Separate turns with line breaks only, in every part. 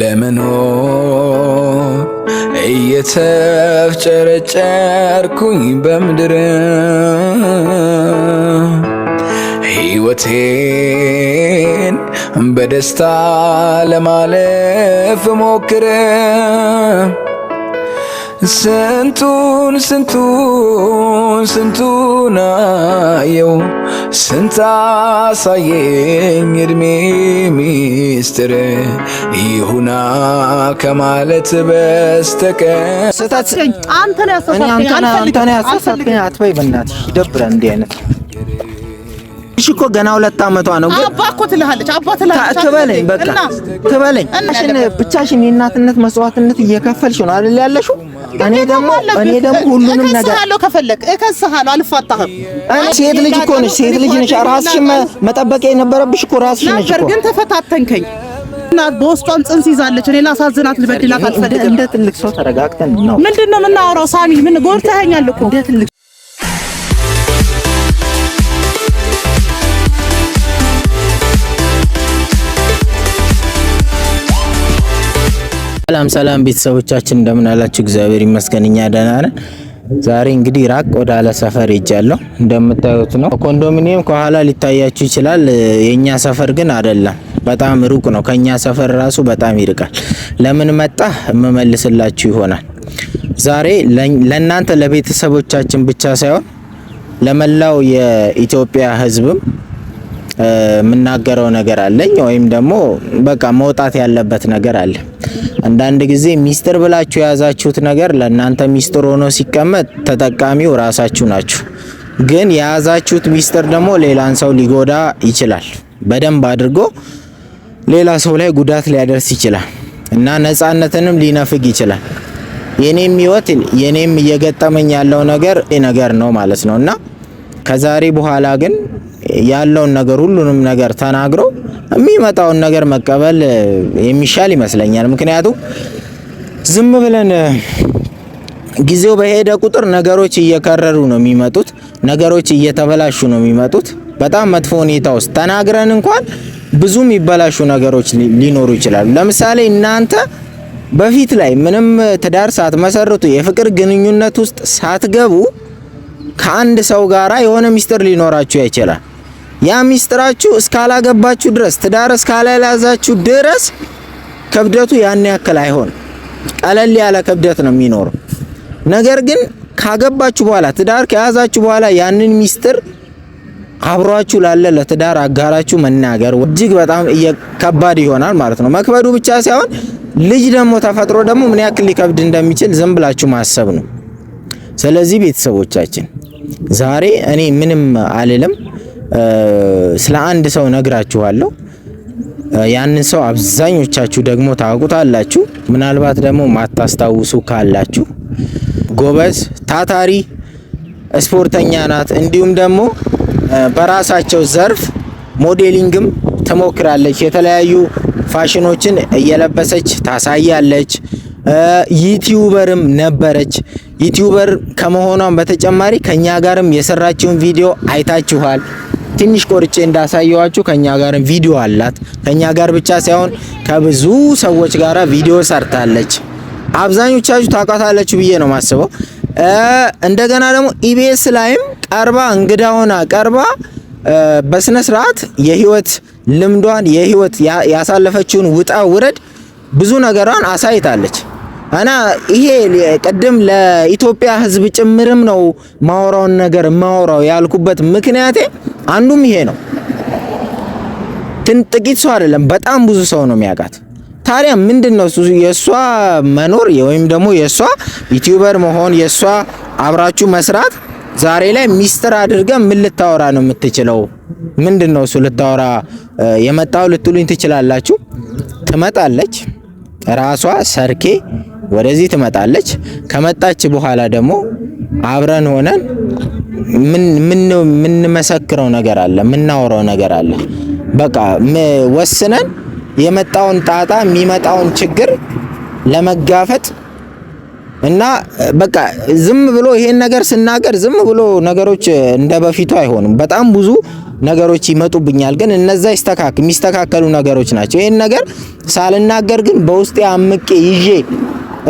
ለምን እየተፍጨረጨርኩኝ በምድር ሕይወቴን በደስታ ለማለፍ ሞክር ስንቱን ስንቱን ስንቱን አየው አሳየኝ እድሜ ሚስጥር ይሁና ከማለት በስተቀር
ስታስቀኝ አንተ ነው ያሳሳትከኝ። አትበይ በእናትሽ ይደብራል እንዲህ አይነት እሺ እኮ ገና ሁለት አመቷ ነው። ግን አባ እኮ ትልሃለች፣ አባ ትልሃለች። ትበለኝ፣ በቃ ትበለኝ። ብቻሽን የእናትነት መስዋዕትነት እየከፈልሽ ነው አይደል ያለሽው? እኔ ደግሞ እኔ ደግሞ ሁሉንም ነገር እከስሃለሁ፣ ከፈለክ እከስሃለሁ፣ አልፋታህም። እኔ ሴት ልጅ እኮ ነሽ፣ ሴት ልጅ ነሽ። ራስሽን መጠበቅ የነበረብሽ እኮ ራስሽ ነሽ። ነገር ግን ተፈታተንከኝ። እናት በውስጧም ጽንስ ይዛለች። እኔ ላሳዝናት ልበድላት አልፈልግም። እንደ ትልቅ ሰው ተረጋግተን ነው። ምንድን ነው የምናወራው? ሳሚ ምን ጎድተኸኛል እኮ እንደ ትልቅ ሰላም ሰላም ቤተሰቦቻችን እንደምን አላችሁ? እግዚአብሔር ይመስገን እኛ ደህና ነን። ዛሬ እንግዲህ ራቅ ወደ አለ ሰፈር ሄጃለሁ። እንደምታዩት ነው ኮንዶሚኒየም ከኋላ ሊታያችሁ ይችላል። የኛ ሰፈር ግን አይደለም፣ በጣም ሩቅ ነው። ከኛ ሰፈር ራሱ በጣም ይርቃል። ለምን መጣ የምመልስላችሁ ይሆናል። ዛሬ ለእናንተ ለቤተሰቦቻችን ብቻ ሳይሆን ለመላው የኢትዮጵያ ሕዝብም የምናገረው ነገር አለኝ ወይም ደግሞ በቃ መውጣት ያለበት ነገር አለ። አንዳንድ ጊዜ ሚስጥር ብላችሁ የያዛችሁት ነገር ለእናንተ ሚስጥር ሆኖ ሲቀመጥ ተጠቃሚው ራሳችሁ ናችሁ። ግን የያዛችሁት ሚስጥር ደግሞ ሌላን ሰው ሊጎዳ ይችላል። በደንብ አድርጎ ሌላ ሰው ላይ ጉዳት ሊያደርስ ይችላል እና ነፃነትንም ሊነፍግ ይችላል። የኔም ህይወት የኔም እየገጠመኝ ያለው ነገር ነገር ነው ማለት ነው እና ከዛሬ በኋላ ግን ያለውን ነገር ሁሉንም ነገር ተናግሮ የሚመጣውን ነገር መቀበል የሚሻል ይመስለኛል። ምክንያቱም ዝም ብለን ጊዜው በሄደ ቁጥር ነገሮች እየከረሩ ነው የሚመጡት፣ ነገሮች እየተበላሹ ነው የሚመጡት። በጣም መጥፎ ሁኔታ ውስጥ ተናግረን እንኳን ብዙ የሚበላሹ ነገሮች ሊኖሩ ይችላሉ። ለምሳሌ እናንተ በፊት ላይ ምንም ትዳር ሳትመሰርቱ የፍቅር ግንኙነት ውስጥ ሳትገቡ ከአንድ ሰው ጋራ የሆነ ሚስጥር ሊኖራችሁ ይችላል። ያ ሚስጥራችሁ እስካላገባችሁ ድረስ ትዳር እስካላያዛችሁ ድረስ ክብደቱ ያን ያክል አይሆን፣ ቀለል ያለ ክብደት ነው የሚኖረው። ነገር ግን ካገባችሁ በኋላ ትዳር ከያዛችሁ በኋላ ያንን ሚስጥር አብሯችሁ ላለ ለትዳር አጋራችሁ መናገር እጅግ በጣም ከባድ ይሆናል ማለት ነው። መክበዱ ብቻ ሳይሆን ልጅ ደግሞ ተፈጥሮ ደግሞ ምን ያክል ሊከብድ እንደሚችል ዝም ብላችሁ ማሰብ ነው። ስለዚህ ቤተሰቦቻችን ዛሬ እኔ ምንም አልልም። ስለ አንድ ሰው ነግራችኋለሁ። ያንን ሰው አብዛኞቻችሁ ደግሞ ታውቁታላችሁ። ምናልባት ደግሞ ማታስታውሱ ካላችሁ ጎበዝ፣ ታታሪ ስፖርተኛ ናት። እንዲሁም ደግሞ በራሳቸው ዘርፍ ሞዴሊንግም ትሞክራለች። የተለያዩ ፋሽኖችን እየለበሰች ታሳያለች። ዩቲዩበርም ነበረች። ዩቲዩበር ከመሆኗም በተጨማሪ ከኛ ጋርም የሰራችውን ቪዲዮ አይታችኋል። ትንሽ ቆርጬ እንዳሳየዋችሁ ከኛ ጋር ቪዲዮ አላት። ከኛ ጋር ብቻ ሳይሆን ከብዙ ሰዎች ጋር ቪዲዮ ሰርታለች። አብዛኞቻችሁ ታቋታለች ብዬ ነው ማስበው። እንደገና ደግሞ ኢቢኤስ ላይም ቀርባ እንግዳ ሆና ቀርባ በስነ ስርዓት የህይወት ልምዷን የህይወት ያሳለፈችውን ውጣ ውረድ ብዙ ነገሯን አሳይታለች እና ይሄ ቅድም ለኢትዮጵያ ህዝብ ጭምርም ነው ማወራውን ነገር ማወራው ያልኩበት ምክንያቴ አንዱም ይሄ ነው። ጥቂት ሰው አይደለም፣ በጣም ብዙ ሰው ነው የሚያውቃት። ታዲያ ምንድነው እሱ የእሷ መኖር ወይም ደግሞ የእሷ ዩቲዩበር መሆን የእሷ አብራችሁ መስራት ዛሬ ላይ ሚስጥር አድርገ ምን ልታወራ ነው የምትችለው? ምንድነው እሱ ልታወራ የመጣው ልትሉኝ ትችላላችሁ። ትመጣለች ራሷ ሰርኬ ወደዚህ ትመጣለች። ከመጣች በኋላ ደግሞ አብረን ሆነን የምንመሰክረው ነገር አለ፣ የምናወራው ነገር አለ። በቃ ወስነን የመጣውን ጣጣ የሚመጣውን ችግር ለመጋፈጥ እና በቃ ዝም ብሎ ይሄን ነገር ስናገር ዝም ብሎ ነገሮች እንደ በፊቱ አይሆንም በጣም ብዙ ነገሮች ይመጡብኛል፣ ግን እነዛ ይስተካከሉ የሚስተካከሉ ነገሮች ናቸው። ይሄን ነገር ሳልናገር ግን በውስጤ አምቄ ይዤ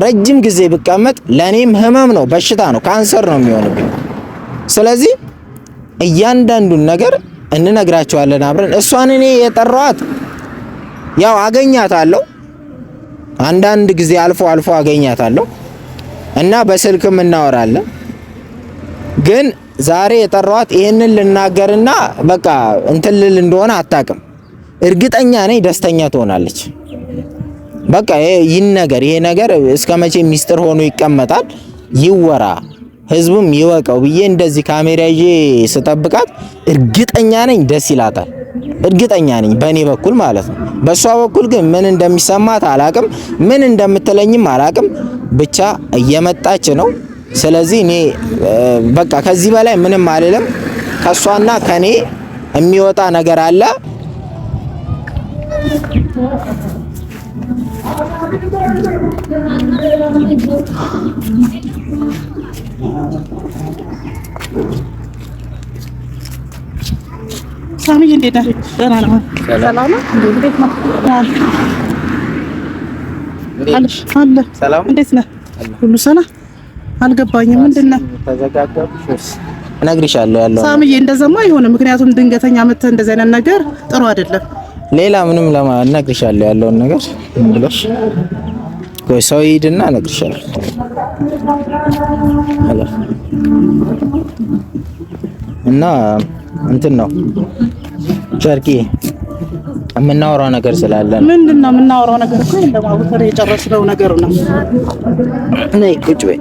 ረጅም ጊዜ ብቀመጥ ለኔም ህመም ነው፣ በሽታ ነው፣ ካንሰር ነው የሚሆንብኝ። ስለዚህ እያንዳንዱን ነገር እንነግራቸዋለን አብረን። እሷን እኔ የጠራዋት ያው አገኛታለሁ፣ አንዳንድ ጊዜ አልፎ አልፎ አገኛታለሁ እና በስልክም እናወራለን። ግን ዛሬ የጠራዋት ይህንን ልናገርና በቃ እንትልል እንደሆነ አታቅም እርግጠኛ ነኝ ደስተኛ ትሆናለች። በቃ ይህን ነገር ይሄ ነገር እስከ መቼ ሚስጥር ሆኖ ይቀመጣል? ይወራ ህዝቡም ይወቀው ብዬ እንደዚህ ካሜራ ይዤ ስጠብቃት እርግጠኛ ነኝ ደስ ይላታል። እርግጠኛ ነኝ በእኔ በኩል ማለት ነው። በእሷ በኩል ግን ምን እንደሚሰማት አላቅም፣ ምን እንደምትለኝም አላቅም። ብቻ እየመጣች ነው። ስለዚህ እኔ በቃ ከዚህ በላይ ምንም አልልም። ከእሷና ከኔ የሚወጣ ነገር አለ ሳሚዬ እንዴት ነህ? ደህና ነው። ሰላም እንዴት ነህ? ሁሉ ሰላም። አልገባኝም። ምንድን ነው እነግርሻለሁ ያለው ሳሚዬ። እንደዛማ አይሆንም። ምክንያቱም ድንገተኛ መተህ እንደዚህ አይነት ነገር ጥሩ አይደለም። ሌላ ምንም እነግርሻለሁ ያለውን ነገር ብለሽ ወይ ሰው ይሂድና እነግርሻለሁ። እና እንትን ነው ጨርቂ የምናወራው ነገር ስላለ ነው። ምንድን ነው የምናወራው ነገር? እኮ የጨረስነው ነገር ነው። ነይ ቁጭ በይ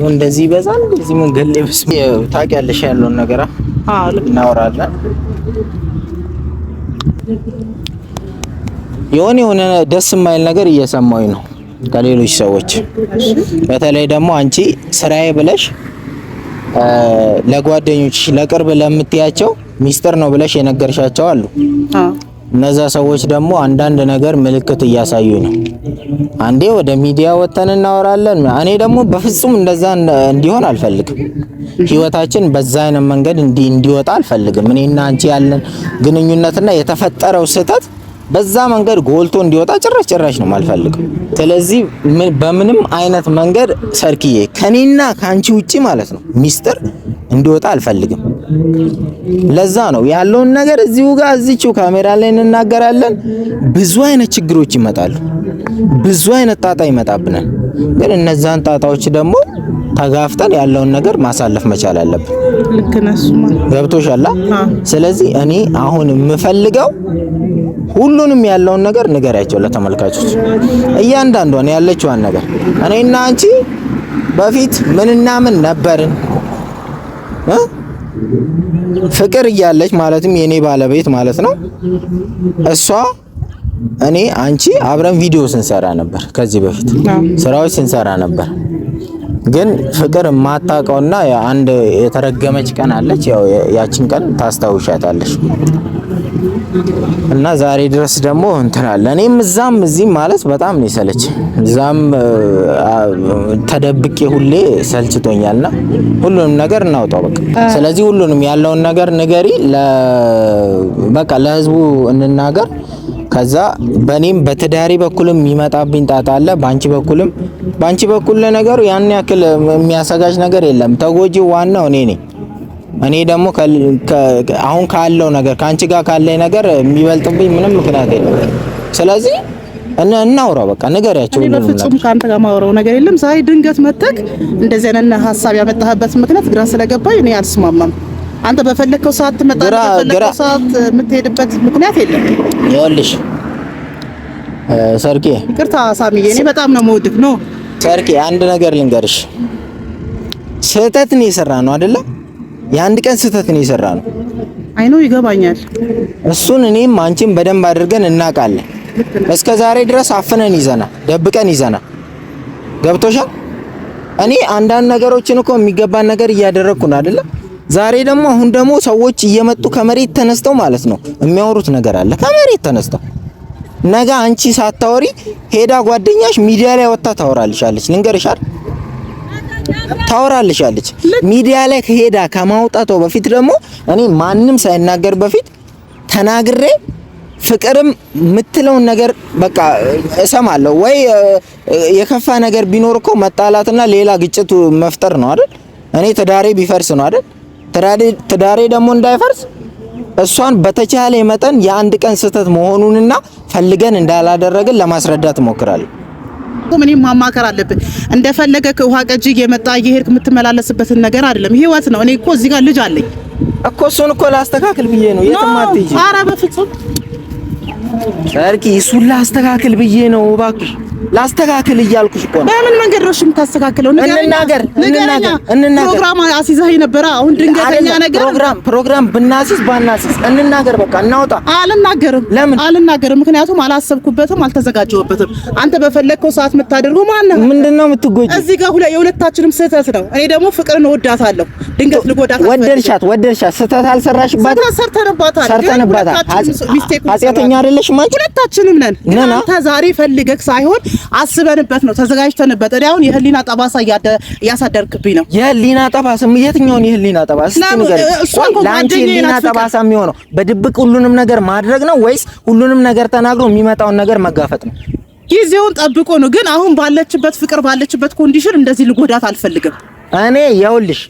ሰው እንደዚህ ይበዛል። እዚህ መንገድ ላይ ብስ ታውቂያለሽ ያለውን ነገር አሁን እናወራለን። የሆነ የሆነ ደስ የማይል ነገር እየሰማኝ ነው ከሌሎች ሰዎች። በተለይ ደግሞ አንቺ ስራዬ ብለሽ ለጓደኞች ለቅርብ ለምትያቸው ሚስጥር ነው ብለሽ የነገርሻቸው አሉ። እነዛ ሰዎች ደግሞ አንዳንድ ነገር ምልክት እያሳዩ ነው አንዴ ወደ ሚዲያ ወጥተን እናወራለን። እኔ ደግሞ በፍጹም እንደዛ እንዲሆን አልፈልግም። ህይወታችን በዛ አይነት መንገድ እንዲወጣ አልፈልግም። እኔና አንቺ ያለን ግንኙነትና የተፈጠረው ስህተት በዛ መንገድ ጎልቶ እንዲወጣ ጭራሽ ጭራሽ ነው የማልፈልገው። ስለዚህ በምንም አይነት መንገድ ሰርክዬ ከኔና ከአንቺ ውጪ ማለት ነው ሚስጥር እንዲወጣ አልፈልግም። ለዛ ነው ያለውን ነገር እዚሁ ጋር እዚችው ካሜራ ላይ እንናገራለን። ብዙ አይነት ችግሮች ይመጣሉ፣ ብዙ አይነት ጣጣ ይመጣብናል። ግን እነዛን ጣጣዎች ደግሞ ተጋፍጠን ያለውን ነገር ማሳለፍ መቻል አለብን። ልክ ነህ። ገብቶሻል። ስለዚህ እኔ አሁን የምፈልገው ሁሉንም ያለውን ነገር ንገሪያቸው ለተመልካቾች፣ እያንዳንዷን ያለችዋን ነገር እኔና አንቺ በፊት ምንና ምን ነበርን እ ፍቅር እያለች ማለትም የኔ ባለቤት ማለት ነው እሷ እኔ አንቺ አብረን ቪዲዮ ስንሰራ ነበር። ከዚህ በፊት ስራዎች ስንሰራ ነበር። ግን ፍቅር የማታውቀውና አንድ የተረገመች ቀን አለች። ያው ያችን ቀን ታስታውሻታለች። እና ዛሬ ድረስ ደግሞ እንትን አለ። እኔም እዛም እዚህም ማለት በጣም ነው የሰለች። እዛም ተደብቄ ሁሌ ሰልችቶኛልና ሁሉንም ነገር እናውጣው በቃ። ስለዚህ ሁሉንም ያለውን ነገር ንገሪ፣ በቃ ለህዝቡ እንናገር። ከዛ በኔም በትዳሪ በኩልም የሚመጣብኝ ጣጣ አለ። ባንቺ በኩልም ባንቺ በኩል ለነገሩ ያን ያክል የሚያሰጋጅ ነገር የለም። ተጎጂ ዋናው እኔ ነኝ። እኔ ደግሞ አሁን ካለው ነገር ከአንቺ ጋር ካለ ነገር የሚበልጥብኝ ምንም ምክንያት የለም። ስለዚህ እና እናውራ በቃ ንገሪያቸው። እኔ በፍጹም ከአንተ ጋር ማውራው ነገር የለም። ዛሬ ድንገት መጥተህ እንደዚህ አይነት ሀሳብ ያመጣህበት ምክንያት ግራ ስለገባኝ እኔ አልስማማም። አንተ በፈለከው ሰዓት ትመጣለህ፣ በፈለከው ሰዓት የምትሄድበት ምክንያት የለም። ይኸውልሽ ሰርኬ፣ ይቅርታ ሳሚዬ፣ እኔ በጣም ነው የምወድህ። ነው ሰርኬ፣ አንድ ነገር ልንገርሽ፣ ስህተት ነው የሰራ ነው አይደለ? የአንድ ቀን ስህተት ነው የሰራ ነው። አይ ነው ይገባኛል። እሱን እኔም አንቺን በደንብ አድርገን እናውቃለን። እስከ ዛሬ ድረስ አፍነን ይዘና ደብቀን ይዘና ገብቶሻል። እኔ አንዳንድ ነገሮችን እኮ የሚገባን ነገር እያደረግኩ ነው አይደለም ዛሬ ደግሞ አሁን ደግሞ ሰዎች እየመጡ ከመሬት ተነስተው ማለት ነው የሚያወሩት ነገር አለ። ከመሬት ተነስተው ነገ አንቺ ሳታወሪ ሄዳ ጓደኛሽ ሚዲያ ላይ ወጣ ታወራልሻለች። ልንገርሻል፣ ታወራልሻለች። ሚዲያ ላይ ከሄዳ ከማውጣቷ በፊት ደግሞ እኔ ማንም ሳይናገር በፊት ተናግሬ ፍቅርም የምትለውን ነገር በቃ እሰማለሁ ወይ የከፋ ነገር ቢኖር እኮ መጣላትና ሌላ ግጭት መፍጠር ነው አይደል? እኔ ትዳሬ ቢፈርስ ነው አይደል? ትዳሬ ደግሞ እንዳይፈርስ እሷን በተቻለ መጠን የአንድ ቀን ስህተት መሆኑንና ፈልገን እንዳላደረግን ለማስረዳት እሞክራለሁ። ምንም ማማከር አለብን። እንደፈለገ ከውሃ ቀጂ የመጣ የሄድክ የምትመላለስበትን ነገር አይደለም፣ ህይወት ነው። እኔ እኮ እዚህ ጋር ልጅ አለኝ እኮ እሱን እኮ ላስተካክል ብዬ ነው። የትም አትሄጂ። ኧረ በፍጹም ጨርቂ እሱን ላስተካክል ብዬ ነው። እባክሽ ላስተካክል እያልኩሽ እኮ ነው። በምን መንገድ ነው እሺ የምታስተካክለው? እንናገር እንናገር እንናገር። ፕሮግራም አስይዘህ ነበረ። አሁን ድንገተኛ ነገር ፕሮግራም ፕሮግራም ብናስይዝ ባናስይዝ እንናገር። በቃ እናውጣ። አልናገርም። ለምን አልናገርም? ምክንያቱም አላሰብኩበትም፣ አልተዘጋጀሁበትም። አንተ በፈለግከው ሰዓት የምታደርገው ማነው? ምንድነው የምትጎጂ? እዚህ ጋር የሁለታችንም ስህተት ነው። እኔ ደግሞ ፍቅርን እወዳታለሁ። ድንገት ልጎዳት ወደድሻት፣ ወደድሻት። ስህተት አልሰራሽባትም። ሰርተንባታል፣ ሰርተንባታል። ኃጢአተኛ አይደል የለሽም አንቺ። ሁለታችንም ነን። ግን አንተ ዛሬ ፈልገህ ሳይሆን አስበንበት ነው፣ ተዘጋጅተንበት። እኔ አሁን የህሊና ጠባሳ እያሳደርክብኝ ነው። የህሊና ጠባሳ? የትኛውን የህሊና ጠባሳ? ለአንቺ የህሊና ጠባሳ የሚሆነው በድብቅ ሁሉንም ነገር ማድረግ ነው ወይስ ሁሉንም ነገር ተናግሮ የሚመጣውን ነገር መጋፈጥ ነው? ጊዜውን ጠብቆ ነው። ግን አሁን ባለችበት ፍቅር ባለችበት ኮንዲሽን እንደዚህ ልጎዳት አልፈልግም እኔ። ይኸውልሽ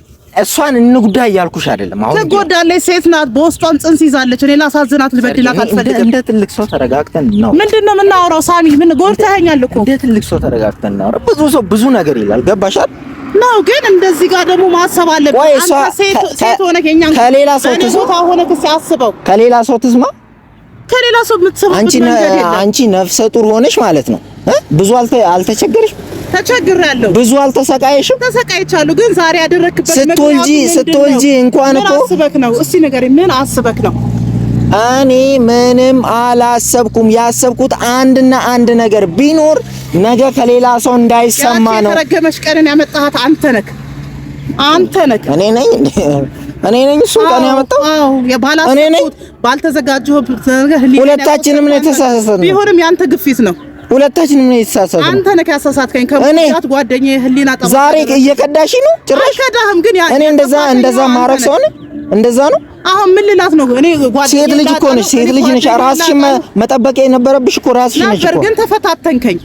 እሷን እንጉዳ እያልኩሽ አይደለም። አሁን ትጎዳለች፣ ሴት ናት፣ በውስጧም ጽንስ ይዛለች። እኔ ላሳዝናት ልበድላት አልፈልግም። እንደ ትልቅ ሰው ተረጋግተን ነው ምንድን ነው የምናወራው? ሳሚ ምን ጎድተኸኛል እኮ። እንደ ትልቅ ሰው ተረጋግተን ነው። ብዙ ሰው ብዙ ነገር ይላል። ገባሻል ነው ግን እንደዚህ ጋር ደግሞ ማሰብ አለብን። አንተ ሴት ሆነህ የእኛን ከሌላ ሰው ትስማ፣ ከሌላ ሰው ትስማ ከሌላ ሰው የምትሰማው አንቺ ነፍሰ ጡር ሆነሽ ማለት ነው። ብዙ አልተቸገረሽም? ተቸግራለሁ። ብዙ አልተሰቃየሽም? ተሰቃይቻለሁ። ግን ዛሬ ያደረክበት ስትወልጂ ስትወልጂ እንኳን እኮ አስበክ ነው። እስቲ ንገሪኝ፣ ምን አስበክ ነው? እኔ ምንም አላሰብኩም። ያሰብኩት አንድና አንድ ነገር ቢኖር ነገ ከሌላ ሰው እንዳይሰማ ነው። ያቺ የተረገመሽ ቀንን ያመጣሃት አንተ ነክ አንተ ነክ እኔ ነኝ እኔ ነኝ እሱ ጋር ያመጣው። አዎ የባላስ እኔ ነኝ። ባልተዘጋጀው ሁለታችንም ነው የተሳሳሰነው። ቢሆንም ያንተ ግፊት ነው። ሁለታችንም ነው የተሳሳሰነው። አንተ ነህ ያሳሳትከኝ። ከሙላት ጓደኛዬ ህሊና ጠባ ዛሬ እየቀዳሽ ነው። ጭራሽ አይከዳህም ግን ያ እኔ እንደዛ እንደዛ ማረግ ሰው እንደዛ ነው። አሁን ምን ልላት ነው? እኔ ሴት ልጅ እኮ ነሽ፣ ሴት ልጅ ነሽ። ራስሽ መጠበቅ የነበረብሽ እኮ ራስሽ ነሽ ነገር ግን ተፈታተንከኝ።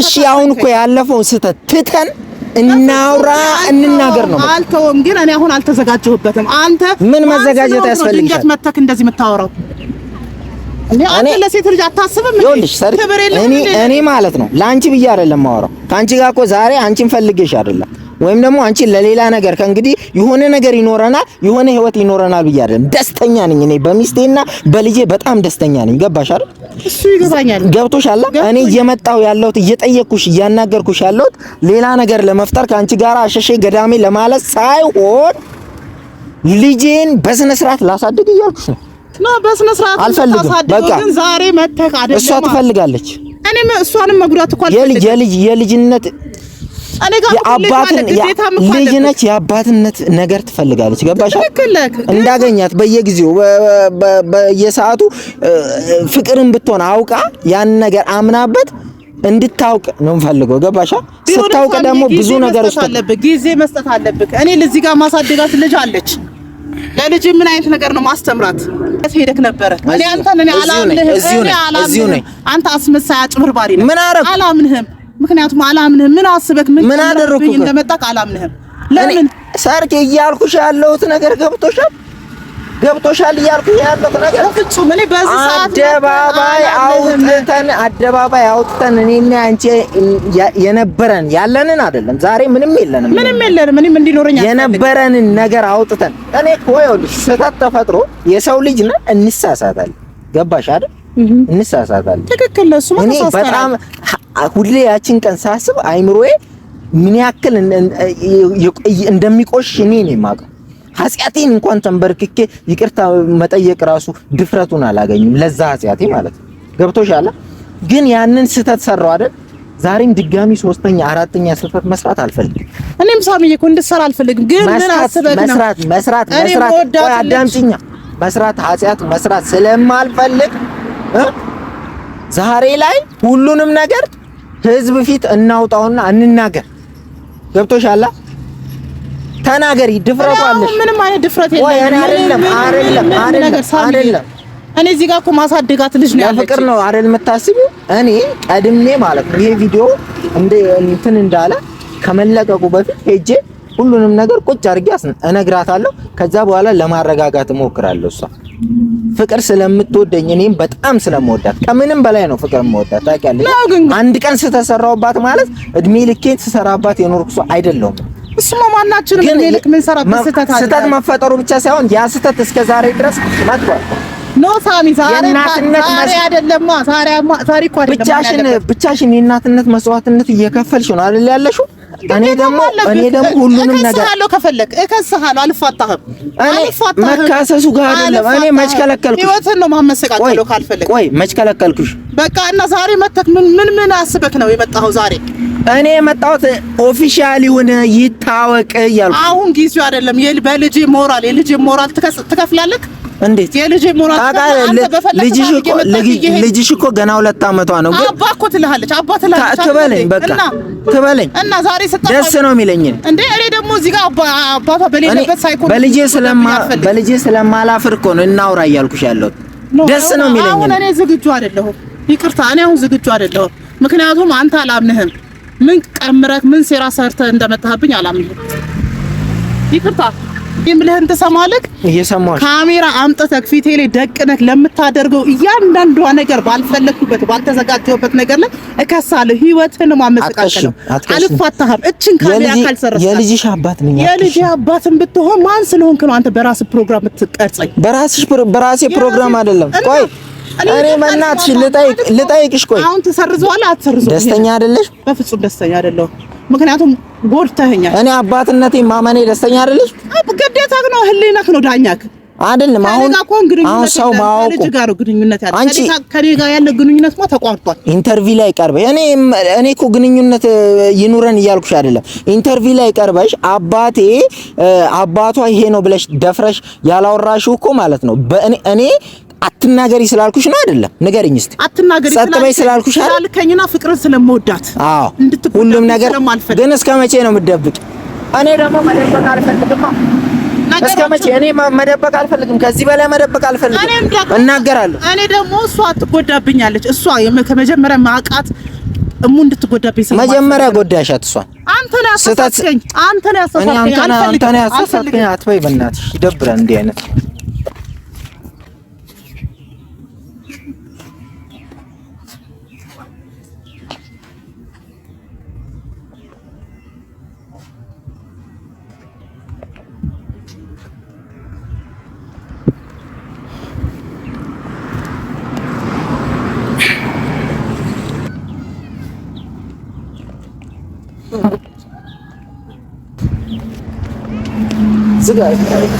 እሺ አሁን እኮ ያለፈው ስህተት ትተን እናውራ እንናገር ነው። አልተውም፣ ግን እኔ አሁን አልተዘጋጀሁበትም። አንተ ምን መዘጋጀት ያስፈልጋል? ድንገት መተክ እንደዚህ የምታወራው እኔ ለሴት ልጅ አታስብም? እኔ ማለት ነው ለአንቺ ብዬ አይደለም ማወራው ከአንቺ ጋር እኮ ዛሬ አንቺን ፈልጌሽ አይደለም ወይም ደግሞ አንቺ ለሌላ ነገር ከእንግዲህ የሆነ ነገር ይኖረናል የሆነ ህይወት ይኖረናል ብዬ አይደለም። ደስተኛ ነኝ እኔ በሚስቴና በልጄ በጣም ደስተኛ ነኝ። ገባሽ አይደል? እሱ ይገባኛል። ገብቶሻል። እኔ እየመጣሁ ያለሁት እየጠየቅኩሽ፣ እያናገርኩሽ ያለሁት ሌላ ነገር ለመፍጠር ከአንቺ ጋር አሸሼ ገዳሜ ለማለት ሳይሆን ልጄን በስነ ስርዓት ላሳድግ እያልኩሽ ነው። ና በስነ ስርዓት አልፈልግም። በቃ ዛሬ መተካ አይደለም እሷ ትፈልጋለች። እኔም እሷንም መጉዳት እኮ አልፈልግም። የልጅ የልጅነት የአባትን ልጅ ነች። የአባትነት ነገር ትፈልጋለች። ገባሻ? እንዳገኛት በየጊዜው በየሰዓቱ ፍቅርን ብትሆን አውቃ ያን ነገር አምናበት እንድታውቅ ነው የምፈልገው። ገባሻ? ስታውቅ ደግሞ ብዙ ነገር ውስጥ አለብህ፣ ጊዜ መስጠት አለብህ። እኔ ለዚህ ጋር ማሳደጋት ልጅ አለች። ለልጅ ምን አይነት ነገር ነው ማስተምራት? ሄደክ ነበረ። እኔ አንተ እኔ አላምንህም። እኔ አላምንህም። አንተ አስመሳይ አጭበርባሪ ነህ። ምን አረግ አላምንህም ምክንያቱም አላምንህም። ምን አስበክ ምን አደረኩኝ እንደመጣ አላምንህም። ለምን ሰርኬ እያልኩሽ ያለሁት ነገር ገብቶሻል? ገብቶሻል እያልኩሽ ያለሁት ነገር ፍጹም። እኔ በዚህ ሰዓት አደባባይ አውጥተን አደባባይ አውጥተን እኔና አንቺ የነበረን ያለንን አይደለም። ዛሬ ምንም የለንም፣ ምንም የለንም። ምንም እንዲኖረኝ የነበረንን ነገር አውጥተን እኔ እኮ ይኸውልሽ፣ ስህተት ተፈጥሮ የሰው ልጅ ነን፣ እንሳሳታለን። ገባሽ አይደል? እንሳሳታለን። ትክክል። ለሱ እኔ በጣም ሁሌ ያችን ቀን ሳስብ አይምሮዬ ምን ያክል እንደሚቆሽ እኔ ነው የማውቀው። ኃጢአቴን እንኳን ተንበርክኬ ይቅርታ መጠየቅ ራሱ ድፍረቱን አላገኝም። ለዛ ኃጢአቴ ማለት ነው። ገብቶሻል። ግን ያንን ስህተት ሰራው አይደል? ዛሬም ድጋሚ ሶስተኛ አራተኛ ስህተት መስራት አልፈልግም። እኔም ሳምዬ እኮ እንድትሰራ አልፈልግም። ግን ምን አስበህ ነው መስራት መስራት መስራት አዳምጪኛ መስራት ኃጢአት መስራት ስለማልፈልግ ዛሬ ላይ ሁሉንም ነገር ህዝብ ፊት እናውጣውና እንናገር። ገብቶሻል? ተናገሪ። ድፍረቱ አለሽ። ምንም አይነት ድፍረት የለም። እኔ እዚህ ጋር እኮ ማሳደጋት ልጅ ነው ያለችኝ። ለፍቅር ነው አይደል የምታስቢው? እኔ ቀድሜ ማለት ነው ይሄ ቪዲዮ እንትን እንዳለ ከመለቀቁ በፊት ሄጄ ሁሉንም ነገር ቁጭ አድርጌ እነግራታለሁ። ከዛ በኋላ ለማረጋጋት እሞክራለሁ። እሷ ፍቅር ስለምትወደኝ እኔም በጣም ስለምወዳት ከምንም በላይ ነው ፍቅር የምወዳት ታውቂያለሽ። አንድ ቀን ስተሰራውባት ማለት እድሜ ልኬን ስሰራባት የኖርኩ ሰው አይደለሁም። እሱማ ማናችንም እድሜ ልክ ምን ሰራበት ስህተት አለ። ስህተት መፈጠሩ ብቻ ሳይሆን ያ ስህተት እስከ ዛሬ ድረስ መጥቷል። ኖ ሳሚ ዛሬ ዛሬ አይደለማ ዛሬ ዛሬ እኮ አይደለም ብቻሽን ብቻሽን የእናትነት መስዋዕትነት እየከፈልሽ ነው አይደል ያለሽው እኔ ደግሞ እኔ ደግሞ ሁሉንም ነገር እከስሃለሁ፣ ከፈለክ እከስሃለሁ። አልፋታህም፣ አልፋታህም። መካሰሱ ጋር አይደለም። እኔ መች ከለከልኩሽ? ህይወትህን ነው ማመሰቃቀለው ካልፈለክ። ቆይ መች ከለከልኩሽ? በቃ እና ዛሬ መተክ ምን ምን ምን አስበክ ነው የመጣኸው ዛሬ? እኔ የመጣሁት ኦፊሻሊ ይሁን ይታወቅ እያልኩ አሁን ጊዜው አይደለም። በልጄ ሞራል የልጅ ሞራል ትከፍላለክ እንዴት የልጅ ልጅሽ እኮ እኮ ገና ሁለት አመቷ ነው። ግን አባ እኮ ትልሃለች፣ አባ ትልሃለች። ትበለኝ በቃ ትበለኝ። እና ዛሬ ስታጣ ደስ ነው የሚለኝ እንዴ። እኔ ደግሞ እዚህ ጋር አባ አባቷ በሌለበት ሳይኮን በልጄ ስለማ በልጄ ስለማላፍር እኮ ነው እናውራ እያልኩሽ ያለሁት። ደስ ነው የሚለኝ። አሁን እኔ ዝግጁ አይደለሁም። ይቅርታ፣ እኔ አሁን ዝግጁ አይደለሁም። ምክንያቱም አንተ አላምንህም። ምን ቀምረህ ምን ሴራ ሰርተህ እንደመጣህብኝ አላምንህም። ይቅርታ ብለህን ትሰማለህ? እየሰማሁሽ። ካሜራ አምጥተህ ፊቴ ላይ ደቅነህ ለምታደርገው እያንዳንዷ ነገር ባልፈለግኩበት ባልተዘጋጀሁበት ነገር ላይ እከሳለሁ። ህይወትህን ማመሰቃቀል አልፋታህም። እችን ካሜራ ካልሰራህ የልጅሽ አባት ነኝ። የልጅ አባትም ብትሆን ማን ስለሆንክ ነው አንተ በራስ ፕሮግራም የምትቀርጸኝ? በራስሽ በራሴ ፕሮግራም አይደለም። ቆይ እኔ በእናትሽ ልጠይቅ ልጠይቅሽ። ቆይ አሁን ትሰርዘዋለህ አትሰርዘው? ደስተኛ አይደለሽ? በፍጹም ደስተኛ አይደለሁም። ምክንያቱም ጎድተኸኛል። እኔ አባትነቴ ማመኔ ደስተኛ አይደለሽ። ግዴታህ ነው፣ ህሊናህ ነው ዳኛህ አይደለም። አሁን አሁን ሰው ማወቁ ግንኙነት ያለ አንቺ ከኔ ጋር ያለ ግንኙነት ማ ተቋርጧል። ኢንተርቪው ላይ ቀርበ እኔ እኔ እኮ ግንኙነት ይኑረን እያልኩሽ አይደለም። ኢንተርቪው ላይ ቀርበሽ አባቴ አባቷ ይሄ ነው ብለሽ ደፍረሽ ያላወራሽው እኮ ማለት ነው በእኔ እኔ አትናገሪ ስላልኩሽ ነው አይደለም? ንገሪኝ እስቲ። አትናገሪ ስላልኩሽ ስላልከኝና ፍቅርን ስለመወዳት አዎ፣ ሁሉም ነገር ግን እስከ መቼ ነው የምትደብቅ? እኔ ደግሞ መደበቅ አልፈልግም። እስከ መቼ እኔ መደበቅ አልፈልግም። ከዚህ በላይ መደበቅ አልፈልግም። እናገራለሁ። እኔ ደግሞ እሷ ትጎዳብኛለች። እሷ ከመጀመሪያ ማቃት እሙ እንድትጎዳብኝ ሰማኝ። መጀመሪያ ጎዳሻት እሷ። አንተ ነው ያሳሳትከኝ። አንተ ነው ያሳሳትከኝ። አንተ ነው ያሳሳትከኝ። አትበይ በእናትሽ፣ ይደብራል እንዲህ አይነት যায়